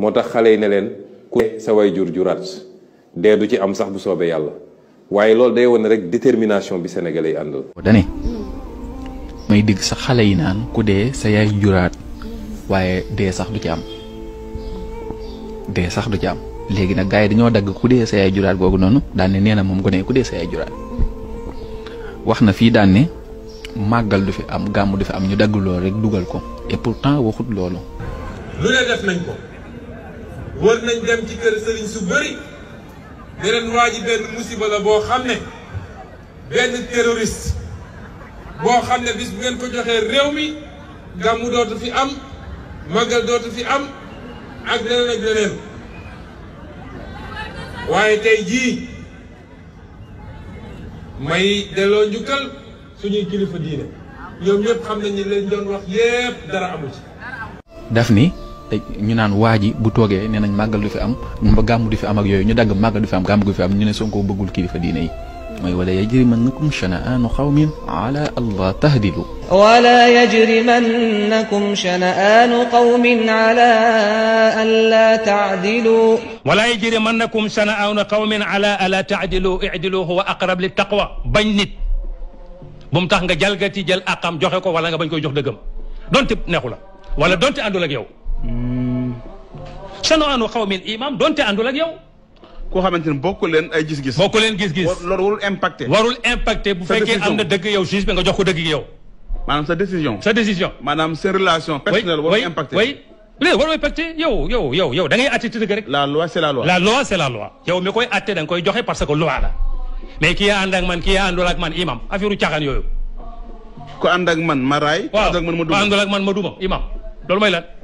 moo tax xale yi na leen ku sa way jur juraat dee du ci am sax bu soobee yàlla waaye loolu day wane rek détermination bi sénégalais yi àndal. dane may digg sax xale yi naan ku dee sa yaay juraat waaye dee sax du ci am dee sax du ci am léegi nag gars yi dañoo dagg ku dee sa yaay juraat googu noonu daan ne nee na moom gone ku dee sa yaay juraat wax na fii daan ne màggal du fi am gàmmu du fi am ñu dagg loolu rek dugal ko et pourtant waxut loolu. lu la def nañ ko wër nañ dem ci kër serigne su bëri ne waji waa benn musiba la bo xamne benn terroriste bo xamne bis bu ngeen ko joxe rew mi gamu dootu fi am magal dootu fi am ak leneen ak leneen waye tay ji may delo ñukal suñu kilifa diine ñom ñëpp xam nañ ni leen doon wax yépp dara amu ci daphne ñu naan waa ji bu toogee nee nañ màggal du fi am ba gàmm du fi am ak yooyu ñu dagg màggal du fi am gàmm du fi am ñu ne Sonko bëggul kilifa diine yi mooy wala yajrimannakum shana'aanu qawmin ala allah tahdilu wala yajrimannakum shana'aanu qawmin ala an la ta'dilu wala yajrimannakum shana'aanu qawmin ala an la ta'dilu i'dilu huwa aqrab lit taqwa bañ nit bu mu tax nga jalgati jël àqam joxe ko wala nga bañ koy jox dëggam donte neexu la wala donte àndul ak yow wa hmm. xaw min imam donte àndul ak koo xamante ne bokk leen ay gis-gis bokk leen gis-gis loolu warul impacté warul impacté bu fekkee am na dëgg yow juge bi nga jox ko dëgg yow maanaam sa décision sa décision maanaam sa relation personnelle warul impacté oui léegi warul impacté yow yow yow da ngay atte ci dëgg rek la loi c'est la loi la loi c'est mi koy atte da nga koy joxe parce que loi la mais kii yaa ànd ak man kii yaa àndul ak man imam affaire caaxaan yooyu ku ànd man ma raay ku ànd ak man ma imam loolu mooy lan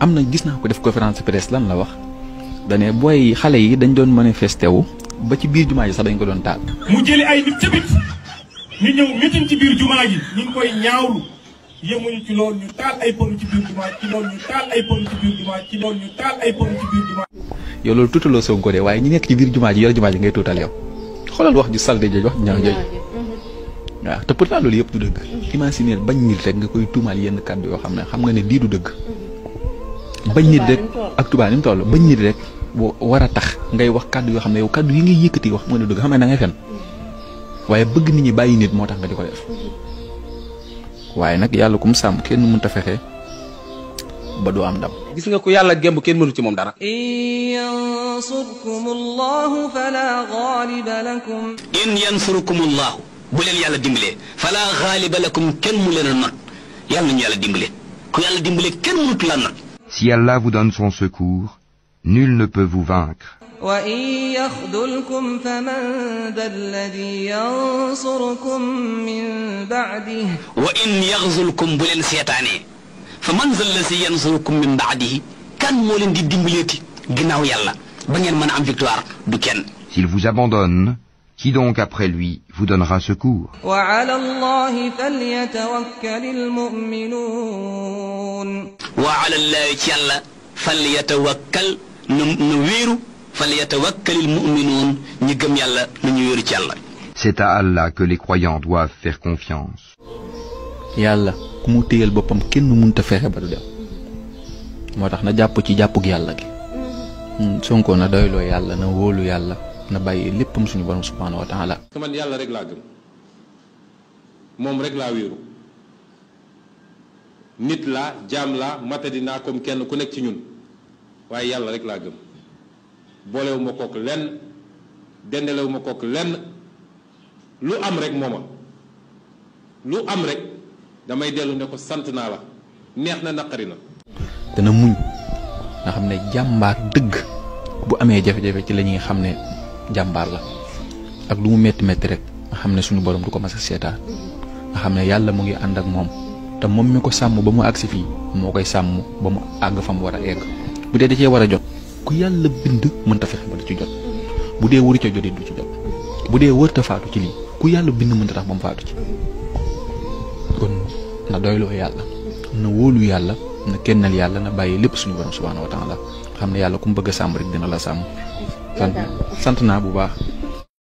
amna gis na ko def conférence presse lan la wax dane booy xalé yi dañ doon manifesté wu ba ci biir jumaa sa dañ ko doon taal. mu jëli ay nit ci bit ñu ñew meeting ci biir jumaa ñu koy ñaawlu yemuñu ci lool ñu taal ay pom ci biir jumaa ci lool ñu taal ay pom ci biir jumaa ci lool ñu taal ay pom ci biir jumaa. yow loolu tuutaloo so godee waye ñi nekk ci biir jumaa ji yor jumaa ngay tutal yow xolal wax ju salde jooju wax ñaaw jooju. Mhm. waaw te pourtant lool yëpp du dëgg. imaginer bañ nit rek nga koy tumal yenn kaddu yo xamna xam nga ne di du dëgg bañ nit rek ak Touba ni mu toll bañ nit rek war a tax ngay wax kàddu yoo xam ne yow kàddu yi ngay yëkkati wax moo ne dëgg nak ne da ngay fen waaye bëgg nit ñi bàyyi nit moo nga di def waaye nag yàlla kum sàmm kenn mënta fexe ba doo am ndam gis nga ko yàlla gemb kenn mënu ci moom dara in yansurkumullahu bu fala lakum kenn mu ku kenn Si Allah vous donne son secours, nul ne peut vous vaincre. S'il vous abandonne, qui donc après lui vous donnera secours وعلى الله يلا فليتوكل نويرو فليتوكل المؤمنون نيغم يلا نيويرو يلا C'est à Allah que les croyants doivent faire confiance. يلا كمو تيل بوبام كين نو مونتا فخه با دو موتاخ نا جابو سي جابو يلا كي سونكو نا دويلو يلا نا وولو يلا نا باي ليپم سونو بون سبحانه وتعالى كمان يلا رك لا موم رك لا nit la jam la matadi dina comme kenn ku nek ci ñun waye yalla rek la gëm ma kok len ma kok len lu am rek moma lu am rek damay delu ne ko sant na la neex na naqarina dana muñ nga xamne jambar deug bu amé jafé jafé ci lañuy xamné jambar la ak lu mu metti metti rek nga xamne suñu borom du ko nga xamne yalla mu ngi and ak mom te moom mi ko sàmm ba mu àgsi fii moo koy sàmm ba mu àgg fa mu war a egg bu dee da cee war a jot ku yàlla bind mënta fexe ba du ci jot bu dee wuri ca jot du ci jot bu dee wërta faatu ci lii ku yàlla bind mënta tax ba mu faatu ci kon na doyloo yàlla na wóolu yàlla na kennal yàlla na bàyyi lépp suñu borom subhaanahu wa la xam ne yàlla ku mu bëgg a sàmm rek dina la sàmm sant naa bu baax